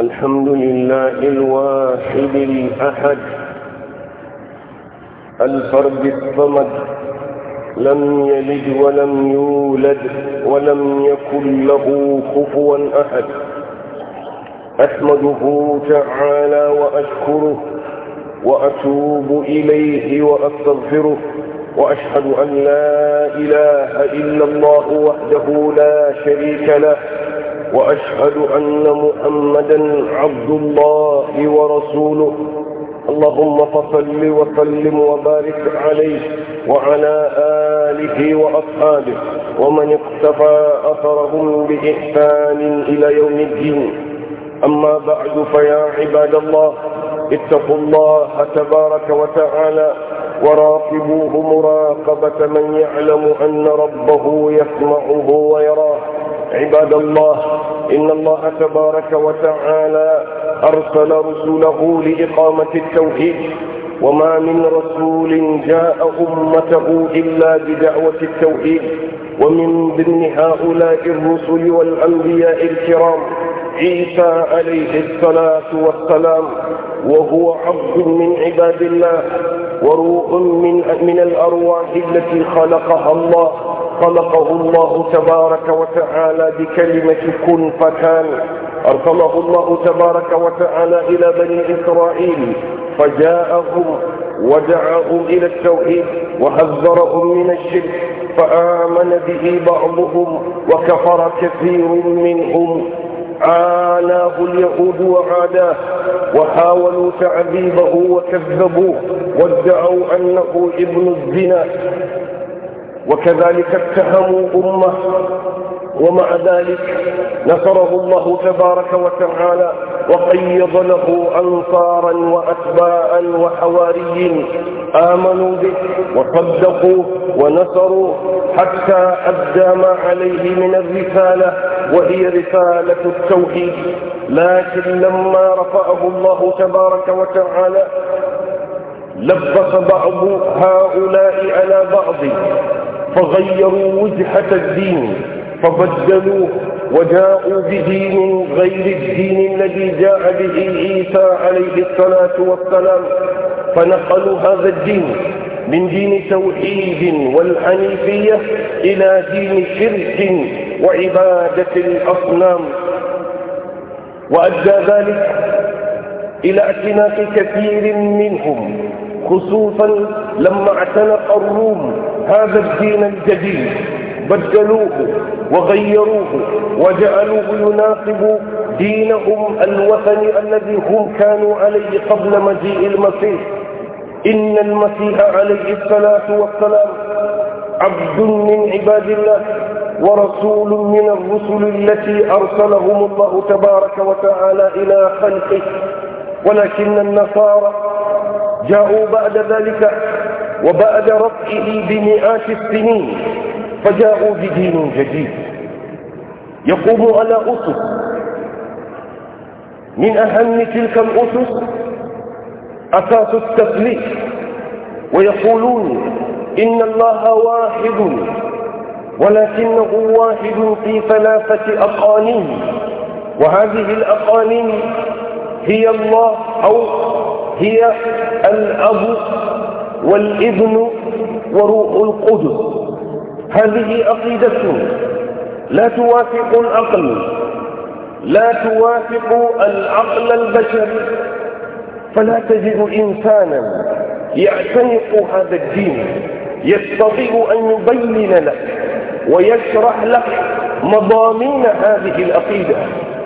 الحمد لله الواحد الأحد الفرد الصمد لم يلد ولم يولد ولم يكن له كفوا أحد أحمده تعالى وأشكره وأتوب إليه وأستغفره وأشهد أن لا إله إلا الله وحده لا شريك له وأشهد أن محمدا عبد الله ورسوله اللهم فصل وسلم وبارك عليه وعلى آله وأصحابه ومن اقتفى أثرهم بإحسان إلى يوم الدين أما بعد فيا عباد الله اتقوا الله تبارك وتعالى وراقبوه مراقبة من يعلم أن ربه يسمعه ويراه عباد الله إن الله تبارك وتعالى أرسل رسوله لإقامة التوحيد وما من رسول جاء أمته إلا بدعوة التوحيد ومن ضمن هؤلاء الرسل والأنبياء الكرام عيسى عليه الصلاة والسلام وهو عبد من عباد الله وروح من من الأرواح التي خلقها الله خلقه الله تبارك وتعالى بكلمة كن فكان أرسله الله تبارك وتعالى إلى بني إسرائيل فجاءهم ودعاهم إلى التوحيد وحذرهم من الشرك فآمن به بعضهم وكفر كثير منهم عاناه اليهود وعاداه وحاولوا تعذيبه وكذبوه وادعوا أنه ابن الزنا وكذلك اتهموا أمه ومع ذلك نصره الله تبارك وتعالى وقيض له أنصارا وأتباعا وحواريين آمنوا به وصدقوه ونصروه حتى أدى ما عليه من الرسالة وهي رسالة التوحيد لكن لما رفعه الله تبارك وتعالى لبس بعض هؤلاء على بعض فغيروا وجهة الدين فبدلوه وجاءوا بدين غير الدين الذي جاء به عيسى عليه الصلاة والسلام فنقلوا هذا الدين من دين توحيد والحنيفية إلى دين شرك وعبادة الأصنام وأدى ذلك إلى اعتناق كثير منهم خصوصا لما اعتنق الروم هذا الدين الجديد بدلوه وغيروه وجعلوه يناقب دينهم الوثني الذي هم كانوا عليه قبل مجيء المسيح إن المسيح عليه الصلاة والسلام عبد من عباد الله ورسول من الرسل التي أرسلهم الله تبارك وتعالى إلى خلقه ولكن النصارى جاءوا بعد ذلك وبعد رفعه بمئات السنين فجاءوا بدين جديد يقوم على أسس من أهم تلك الأسس أساس التسليك ويقولون إن الله واحد ولكنه واحد في ثلاثة أقانيم وهذه الأقانيم هي الله أو هي الأب والابن وروح القدس هذه عقيدتهم لا توافق العقل لا توافق العقل البشري فلا تجد إنسانا يعتنق هذا الدين يستطيع أن يبين لك ويشرح لك مضامين هذه العقيدة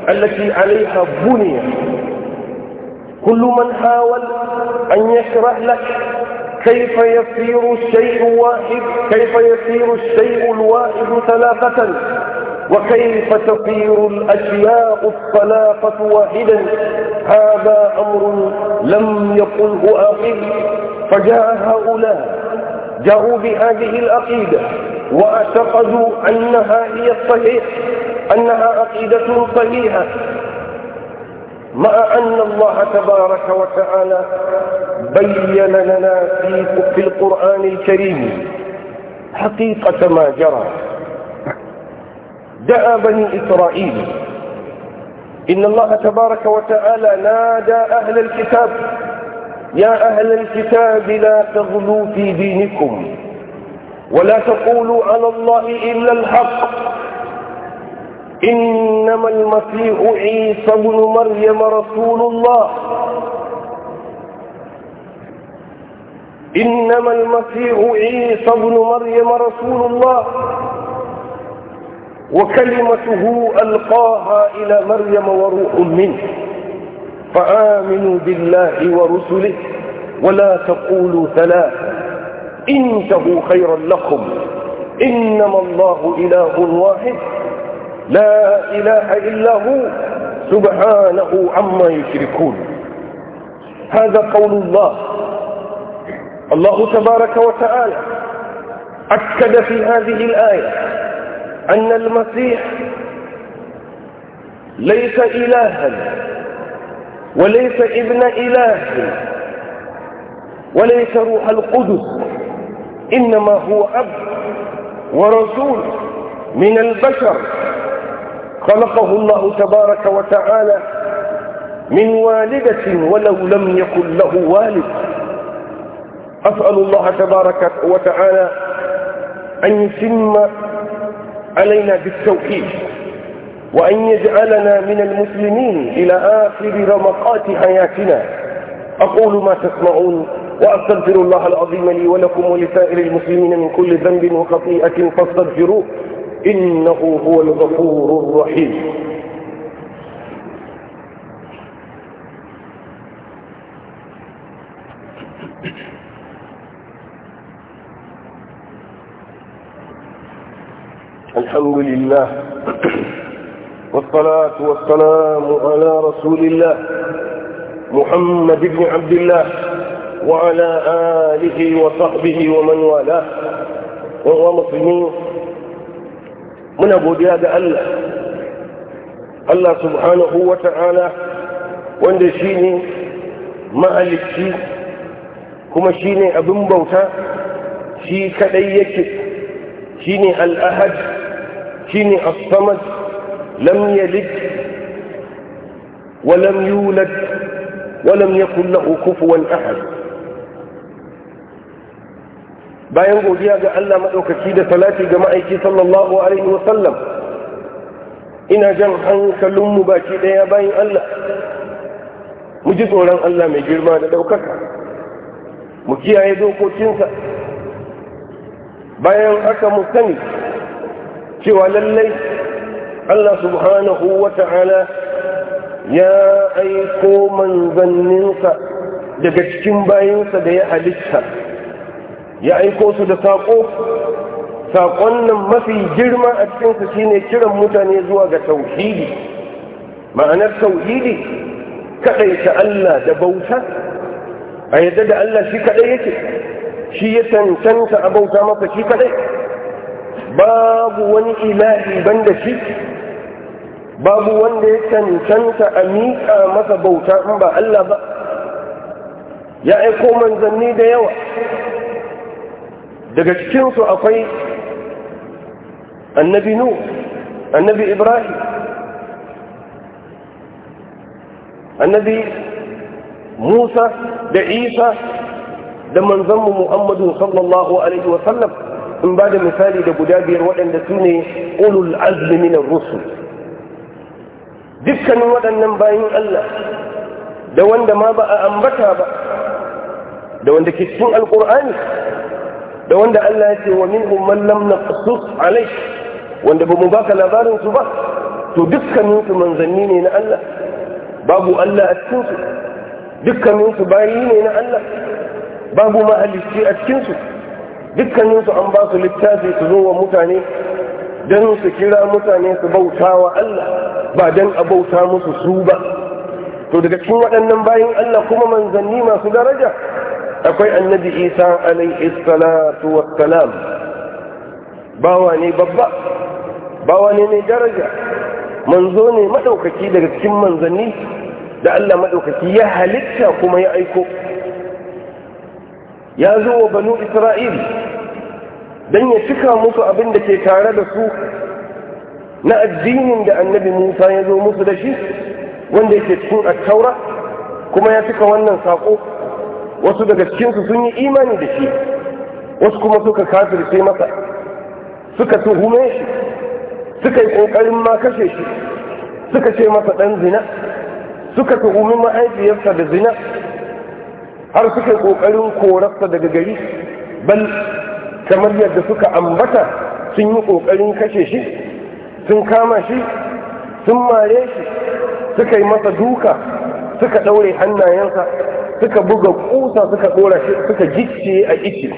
التي عليها بني كل من حاول أن يشرح لك كيف يصير الشيء واحد كيف يصير الشيء الواحد ثلاثة وكيف تصير الأشياء الثلاثة واحدا هذا أمر لم يقله آخر فجاء هؤلاء جاءوا بهذه العقيدة واعتقدوا أنها هي الصحيح أنها عقيدة صحيحة مع أن الله تبارك وتعالى بين لنا في, في القرآن الكريم حقيقة ما جرى دعا بني إسرائيل إن الله تبارك وتعالى نادى أهل الكتاب يا أهل الكتاب لا تغلوا في دينكم ولا تقولوا على الله إلا الحق إنما المسيح عيسى بن مريم رسول الله إنما المسيح عيسى ابن مريم رسول الله وكلمته ألقاها إلى مريم وروح منه فآمنوا بالله ورسله ولا تقولوا ثلاثا إنته خيرا لكم إنما الله إله واحد لا إله إلا هو سبحانه عما يشركون هذا قول الله الله تبارك وتعالى أكد في هذه الآية أن المسيح ليس إلها وليس ابن إله وليس روح القدس إنما هو أب ورسول من البشر خلقه الله تبارك وتعالى من والدة ولو لم يكن له والد أسأل الله تبارك وتعالى أن يتم علينا بالتوحيد وأن يجعلنا من المسلمين إلى آخر رمقات حياتنا أقول ما تسمعون وأستغفر الله العظيم لي ولكم ولسائر المسلمين من كل ذنب وخطيئة فاستغفروه إنه هو الغفور الرحيم Thank you. الحمد لله والصلاة والسلام على رسول الله محمد بن عبد الله وعلى آله وصحبه ومن والاه وهو مسلمون من أبو دياد الله الله سبحانه وتعالى وندشيني ما ألف شيء كما shi ne abin bauta shi kadai yake شيني الصمد لم يلد ولم يولد ولم يكن له كفوا أحد bayan godiya ga Allah maɗaukaki da salati ga ma'aiki sallallahu alaihi wasallam ina jan hankalinmu baki ɗaya bayan Allah mu ji tsoron Allah mai girma da ɗaukaka mu kiyaye dokokinsa bayan haka mu sani cewa lallai Allah subhanahu wa ta'ala ya aiko manzanninsa daga cikin bayansa da ya halitta ya aiko su da saƙo saƙon nan mafi girma a cikinsa shine kiran mutane zuwa ga tauhidi ma'anar tauhidi ta Allah da bauta a yadda da Allah shi kaɗai yake shi ya tantanta a bauta masa shi kaɗai babu wani ilahi banda shi babu wanda ya cancanta a miƙa masa bauta in ba Allah ba ya aiko manzanni da yawa daga cikinsu akwai annabi nu annabi ibrahim annabi musa da isa da manzanmu muhammadu sallallahu alaihi wasallam in ba da misali da guda biyar waɗanda su ne ulul azmi min rusul dukkanin waɗannan bayan Allah da wanda ma ba a ambata ba da wanda ke cikin alkur'ani da wanda Allah ya ce wa min man lam naqsus alai wanda ba mu baka labarin su ba to dukkanin su manzanni ne na Allah babu Allah a cikin su dukkanin su bayi ne na Allah babu mahalicci a cikin su dukkaninsu an ba su littafi su zo wa mutane don su kira mutane su bauta wa Allah ba don a bauta musu su ba to daga cikin waɗannan bayan Allah kuma manzanni masu daraja akwai annabi isa alaihi salatu wassalam bawa ne babba bawa ne mai daraja manzo ne maɗaukaki daga cikin manzanni da Allah maɗaukaki ya halitta kuma ya aiko ya zo wa banu isra'il don ya cika musu abin da ke tare da su na addinin da annabi musa ya zo musu da shi wanda yake cikin attaura kuma ya cika wannan saƙo wasu daga cikinsu sun yi imani da shi wasu kuma suka sai masa suka tuhume shi suka yi ƙoƙarin ma kashe shi suka ce masa ɗan zina suka tuhumi ma'aikiyarsa da zina har suka yi ƙoƙarin korarsa daga gari bal kamar yadda suka ambata sun yi ƙoƙarin kashe shi sun kama shi sun mare shi suka yi masa duka suka ɗaure hannayensa suka buga ƙusa suka ɗora shi suka gicce a ice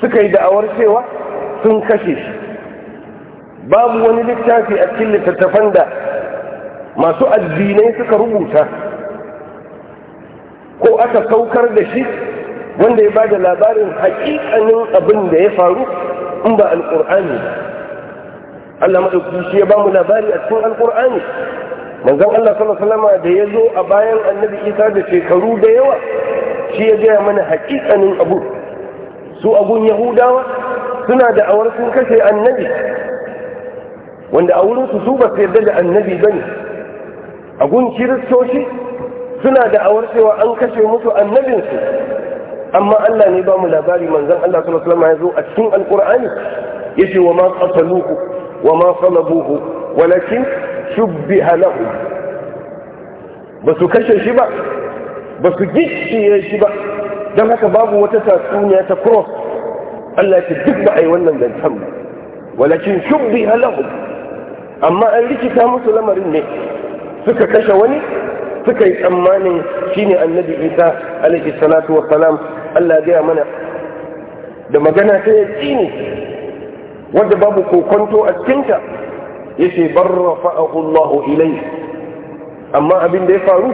suka yi da'awar cewa sun kashe shi babu wani littafi a cikin littattafan da masu addinai suka rubuta ko aka saukar da shi wanda ya ba da labarin hakikanin abin da ya faru in ba alƙur'ani Allah maɗauki shi ya ba mu labari a cikin alkur'ani manzon Allah sallallahu alaihi da ya zo a bayan annabi Isa da shekaru da yawa shi ya gaya mana hakikanin abu su abun Yahudawa suna da awar sun kashe annabi wanda a wurinsu su ba su yarda da annabi ba ne. kiristoci suna da awar cewa an kashe musu annabinsu amma Allah ne ba mu labari manzon Allah sallallahu alaihi wasallam ya zo a cikin alqur'ani yace wa ma qataluhu wa ma salabuhu walakin shubbiha lahu ba su kashe shi ba ba su gicciye shi ba don haka babu wata tatsuniya ta cross Allah ce duk ba a wannan zancen ba walakin shubbi halahu amma an rikita musu lamarin ne suka kashe wani suka yi tsammanin shine annabi isa alaihi salatu wa salam Allah ya gaya mana da magana ta ya ne. wadda babu kokonto a cikinta ya ce barra allahu ilai amma abin da ya faru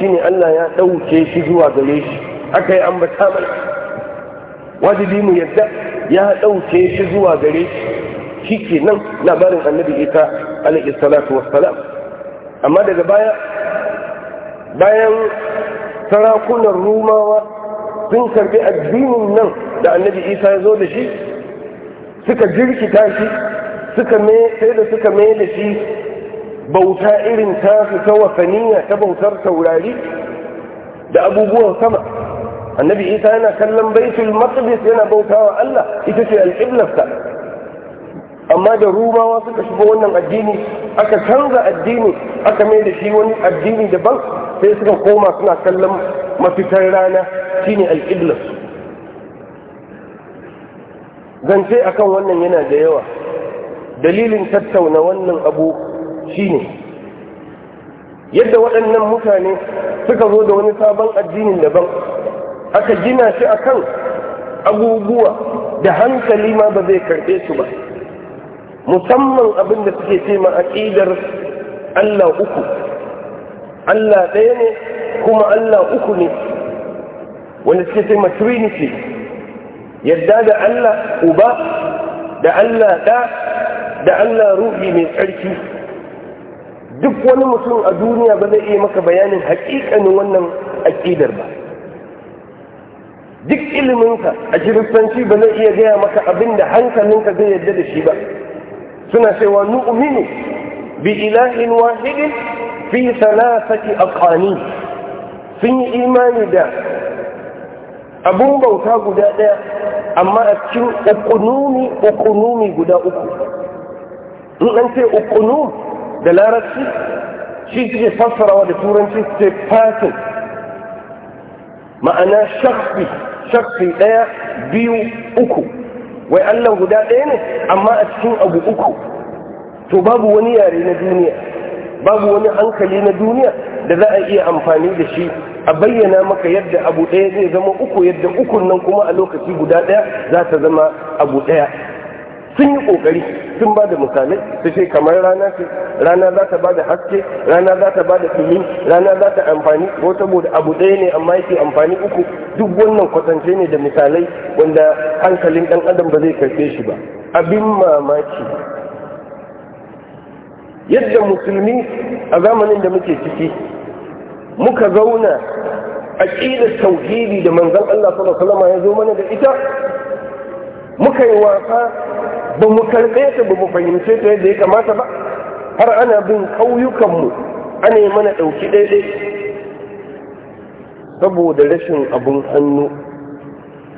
shine Allah ya ɗauke shi zuwa gare shi aka yi ambata mana wajibi mu yadda ya ɗauke shi zuwa gare shi shi ke nan labarin annabi isa alaihi salatu wassalam amma daga baya bayan sarakunan rumawa sun karbi addinin nan da annabi isa ya zo da shi suka jirkita shi suka sai da suka mai da shi bauta irin tasu ta wasaniya ta bautar taurari da abubuwan sama annabi isa yana kallon baitul maqdis yana bautawa Allah ita ce alqiblarsa amma da rumawa suka shiga wannan addini aka canza addini aka mai da shi wani addini daban sai suka koma suna kallon mafitar rana shine alƙiblas zance akan wannan yana da yawa dalilin tattauna wannan abu shine yadda waɗannan mutane suka zo da wani sabon addinin daban aka gina shi akan abubuwa da hankali ma ba zai karɓe su ba musamman abin da suke ce ma aƙidar Allah uku Allah ɗaya ne kuma Allah uku ne wanda suke ce ma yadda da Allah uba da Allah ɗa da Allah ruhi mai tsarki duk wani mutum a duniya ba zai iya maka bayanin haƙiƙanin wannan aƙidar ba duk iliminka a kiristanci ba zai iya gaya maka abin da hankalinka zai yadda da shi ba suna cewa nu'minu bi ilahin wahidin fi saki aqani sun yi imani da abun bauta guda ɗaya amma a cikin ukunumi ukunumi guda uku in an ce ukunum da larabci shi suke fassarawa da turanci ce fatin ma'ana shafi shakfi ɗaya biyu uku wai allah guda ɗaya ne amma a cikin abu uku to babu wani yare na duniya babu wani hankali na duniya da za a iya amfani da shi a bayyana maka yadda abu ɗaya zai zama uku yadda ukun nan kuma a lokaci guda ɗaya za ta zama abu ɗaya sun yi ƙoƙari sun ba da misalai su ce kamar rana ce rana za ta ba da haske rana za ta ba da rana za ta amfani ko saboda abu ɗaya ne amma yake amfani uku duk wannan kwatance ne da misalai wanda hankalin ɗan adam ba zai karfe shi ba abin mamaki yadda musulmi a zamanin da muke ciki muka zauna a aqidar tauhidi da manzan Allah sallallahu alaihi wasallam ya zo mana da ita muka yi wasa ba mu karɓe ta ba mu fahimce ta yadda ya kamata ba har ana bin ƙauyukanmu ana yi mana ɗauki ɗaiɗai saboda rashin abin hannu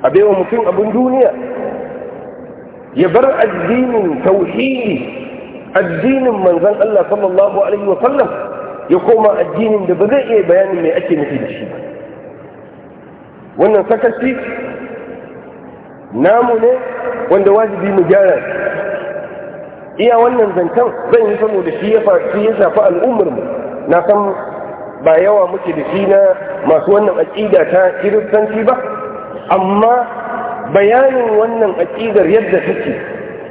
a baiwa mutum abin duniya ya bar addinin tauhidi addinin manzan Allah sallallahu alaihi wa sallam ya koma addinin da ba zai iya bayanin mai ake nufi da shi wannan sakaci namu ne wanda wajibi mu gyara iya wannan zancen zan yi saboda shi ya ya shafi al'ummar mu na san ba yawa muke da shi na masu wannan aƙida ta kiristanci ba amma bayanin wannan aƙidar yadda take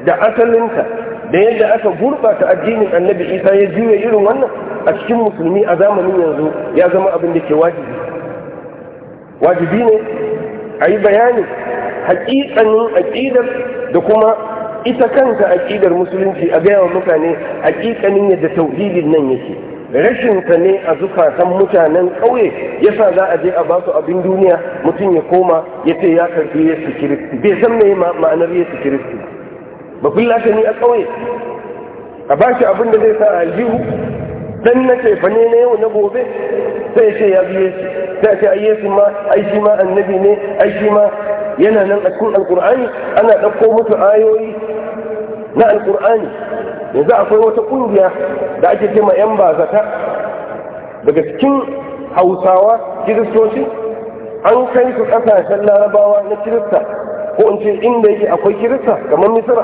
da asalinta da yadda aka gurɓata addinin annabi isa ya juya irin wannan a cikin musulmi a zamanin yanzu ya zama abin da ke wajibi wajibi ne a yi bayani haƙiƙanin aƙidar da kuma ita kanta aƙidar musulunci a gaya wa mutane haƙiƙanin yadda tauhidin nan yake rashinsa ne a zukatan mutanen ƙauye yasa za a je a ba su abin duniya mutum ya koma ya ce ya karɓi yesu kiristi bai san me ma'anar yesu kiristi ba kullata ni a ƙauye a ba shi abin da zai sa aljihu dan na ce fane na yau na gobe sai ce ya biye shi sai ce ai yesu ma ai shi ma annabi ne ai shi ma yana nan a cikin alkur'ani ana ɗauko musu ayoyi na alkur'ani yanzu akwai wata ƙungiya da ake ce ma yan bazata daga cikin hausawa kiristoci an kai su ƙasashen larabawa na kirista ko in ce inda yake akwai kirista kamar misira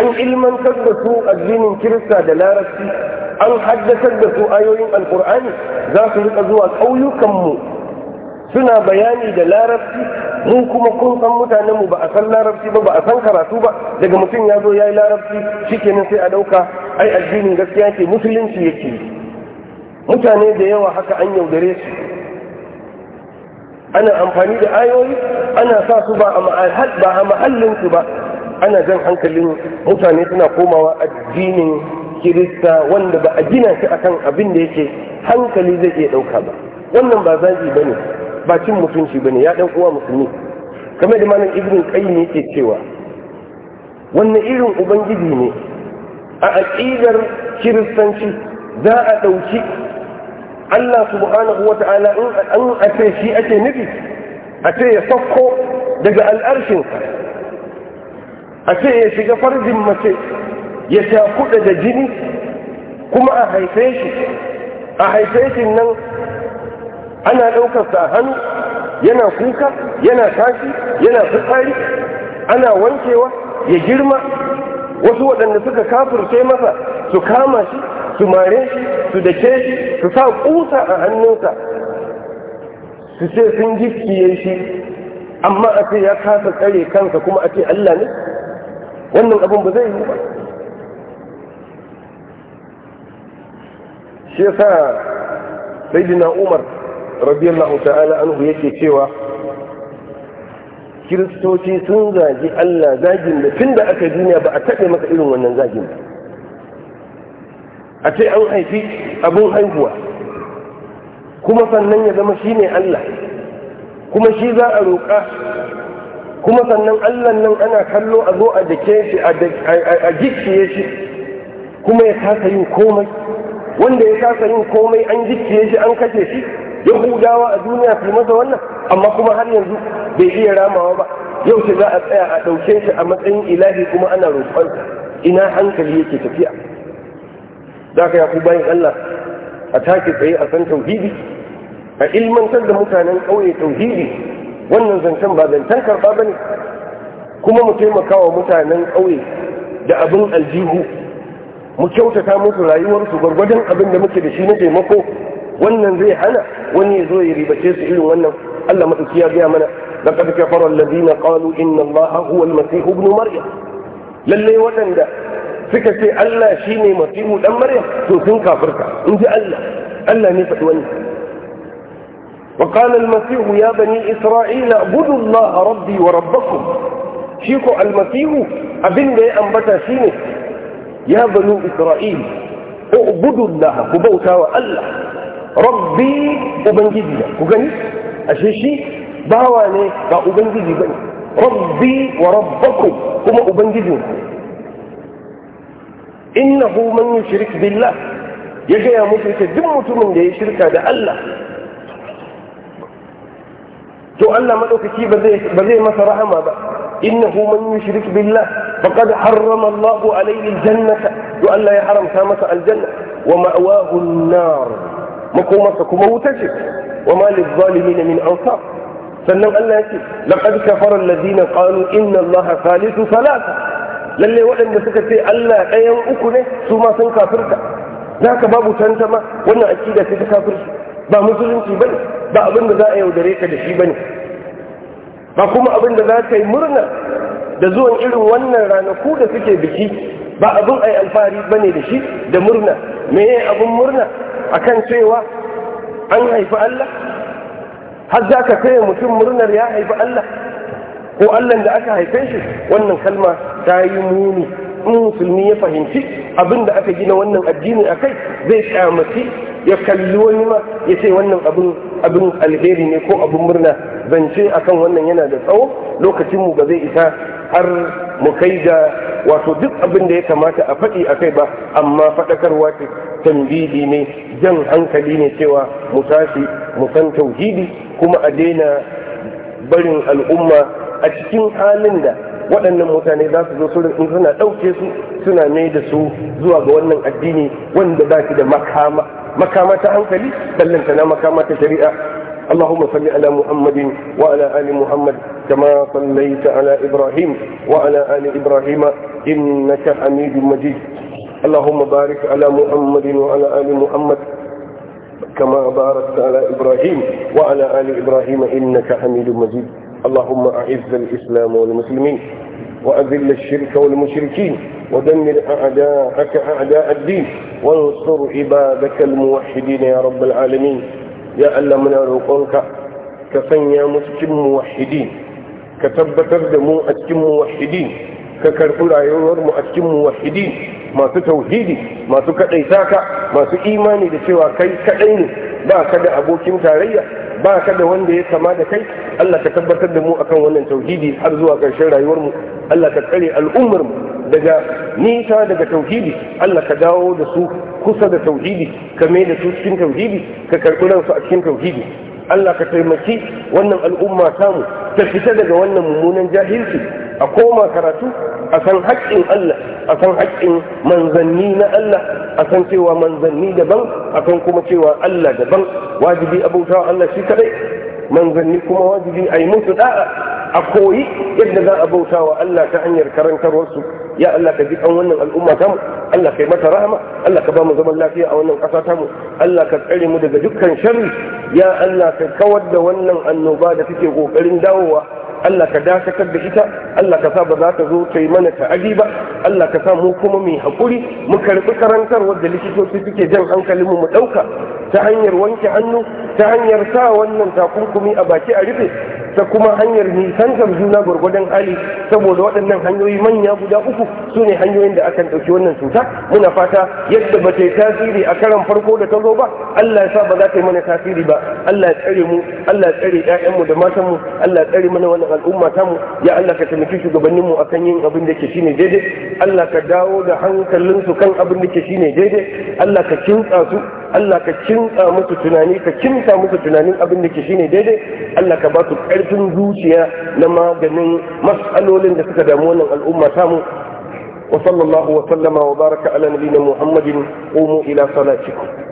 an ilmantar da su addinin kirista da larabci an haddatar da su ayoyin alkur'ani za su rika zuwa ƙauyukanmu suna bayani da larabci mun kuma kun san mutanen mu ba a san larabci ba ba a san karatu ba daga mutum ya zo ya yi larabci kenan sai a ɗauka ai addinin gaskiya ke musulunci yake mutane da yawa haka an yaudare su ana amfani da ayoyi ana sa su ba a mahallinsu ba ana jan hankalin mutane suna komawa addinin kirista wanda ba a gina shi akan abin da yake hankali zai iya ɗauka ba wannan ba zagi ba ne ba cin mutunci ba ne ya ɗan uwa musulmi kamar da malam ibn qayyim yake cewa wannan irin ubangiji ne a aƙidar kiristanci za a ɗauki Allah subhanahu wa ta'ala an ace shi ake nufi a ce ya sauko daga al'arshinsa a ce ya shiga farjin mace ya cakuɗa da jini kuma a haife shi a haife shi nan ana ɗaukarsa a hannu yana kuka yana tashi yana fitsari ana wankewa ya girma wasu waɗanda suka kafirce masa su kama shi su mare shi su dake shi su sa kusa a hannunsa su ce sun gicciye shi amma a ce ya kasa tsare kansa kuma a ce Allah ne wannan abin ba zai yi ba shi yasa sayyidina Umar radiyallahu ta'ala anhu yake cewa kiristoci sun zagi Allah zagin da tun da aka duniya ba a taɓa maka irin wannan zagin ba a ce an haifi abin haihuwa kuma sannan ya zama shi ne Allah kuma shi za a roƙa kuma sannan Allah nan ana kallo a zo a jike shi a gicciye shi kuma ya kasa yin komai wanda ya kasa yin komai an gicciye shi an kashe shi yahudawa a duniya su masa wannan amma kuma har yanzu bai iya ramawa ba yau ce za a tsaya a ɗauke shi a matsayin ilahi kuma ana roƙonsa ina hankali yake tafiya za ka yaku bayan allah a take tsaye a san tauhidi a ilmantar da mutanen ƙauye tauhidi wannan zancen ba zancen karɓa ba ne kuma mu taimaka wa mutanen ƙauye da abin aljihu mu kyautata musu rayuwarsu gwargwadon abin da muke da shi na taimako wannan zai hana wani ya zo ya ribace su irin wannan Allah matuki ya gaya mana laqad kafara alladhina qalu inna allaha huwa almasih ibn maryam lalle waɗanda suka ce Allah shine masihu dan maryam to sun kafirta in ji Allah Allah ne faɗi wannan وقال المسيح يا بني إسرائيل اعبدوا الله ربي وربكم شيكو المسيح أبن ya ambata shine. ya banu isra'il ubudullah ku bauta wa Allah rabbi ubangiji ku gani ashe shi bawa ne ba ubangiji bane rabbi wa rabbakum kuma ubangijin ku innahu man yushrik billah ya gaya musu ita duk mutumin da ya shirka da Allah to Allah madaukaki ba zai masa rahama ba إنه من يشرك بالله فقد حرم الله عليه الجنة وألا يحرم سامة الجنة ومأواه النار مكومتك موتشك وما للظالمين من أنصار سلم ألا يشرك لقد كفر الذين قالوا إن الله ثالث ثلاثة للي وعن بسكتي ألا أين أكنه سوما سنكافرك ذاك باب تنتمى وأنا أكيد سكافرك با مسلم في بني با أبن بذائي ودريك لشي بني ba kuma abin da za ka yi murna da zuwan irin wannan ranaku da suke biki ba abin ai alfahari bane da shi da murna me abin murna akan cewa an haifi Allah har za ka kai mutum murnar ya haifi Allah ko Allah da aka haife shi wannan kalma ta yi muni in musulmi ya fahimci abin da aka gina wannan addini a kai zai kyamaci ya kalli wani ma ya ce wannan abin alheri ne ko abin murna zance akan wannan yana da tsawo lokacinmu ba zai isa har mu kai ga wato duk abin da ya kamata a faɗi a kai ba amma faɗakarwa ce tambidi ne jan hankali ne cewa mu tashi mu san tauhidi kuma a daina barin al'umma a cikin halin da waɗannan mutane za su zo su suna ɗauke su suna mai da su zuwa ga wannan addini wanda ba shi da makama makama ta hankali ballanta na makama ta shari'a اللهم صل على محمد وعلى آل محمد كما صليت على إبراهيم وعلى آل إبراهيم إنك حميد مجيد اللهم بارك على محمد وعلى آل محمد كما باركت على إبراهيم وعلى آل إبراهيم إنك حميد مجيد اللهم أعز الإسلام والمسلمين وأذل الشرك والمشركين ودمر أعداءك أعداء الدين وانصر عبادك الموحدين يا رب العالمين يا ألمنا رقوك كفن يا مسلم موحدين كتبت الدمو أسكم موحدين ككرفو لا يور مؤسكم موحدين ما تتوهيدي ما تكأيساك ما تإيماني لسوى كي كأين لا كد أبوكم تارية ba ka da wanda ya kama da kai Allah ka tabbatar da mu akan wannan tauhidi har zuwa ƙarshen rayuwarmu Allah ka tsare al'ummar mu daga nisa daga tauhidi Allah ka dawo da su kusa da tauhidi ka mai da su cikin tauhidi ka karɓi ransu a cikin tauhidi Allah ka taimaki wannan al'umma tamu ta fita daga wannan mummunan jahilci a koma karatu a san haƙƙin Allah a san haƙƙin manzanni na Allah a san cewa manzanni daban akan kuma cewa Allah daban wajibi wa Allah shi kadai manzanni kuma wajibi a yi musu da'a a koyi yadda za a bautawa Allah ta hanyar karantarwarsu ya Allah ka ji an wannan al'umma mu. Allah ka yi mata rahama Allah ka ba mu zaman lafiya a wannan ƙasa tamu Allah ka tsare mu daga dukkan sharri ya Allah ka kawar da wannan annoba da take kokarin dawowa Allah ka dakatar da ita Allah ka sa ba za ta zo ta yi mana ta'adi ba Allah ka sa mu kuma mu haƙuri mu karɓi karantar wadda likitoci suke jan hankalin mu mu ɗauka ta hanyar wanke hannu ta hanyar sa wannan takunkumi a baki a rufe ta kuma hanyar nisantar juna gwargwadon hali saboda waɗannan hanyoyi manya guda uku su ne hanyoyin da akan ɗauki wannan cuta muna fata yadda ba ta yi tasiri a karan farko da ta zo ba Allah ya sa ba za ta yi mana tasiri ba Allah ya tsare mu Allah ya tsare ƴaƴanmu da matanmu Allah ya tsare mana wannan al'umma tamu ya Allah ka taimaki shugabanninmu akan yin abin da ke shine daidai Allah ka dawo da hankalinsu kan abin da ke shine daidai Allah ka kintsa su Allah ka kinta musu tunani ka kinta musu tunanin abin da ke shine daidai Allah ka ba su ƙarfin zuciya na maganin mas'alolin matsalolin da suka damu wannan al'umma tamu wa sallallahu wa sallama wa baraka ala nabiyina muhammadin qumu ila salatikum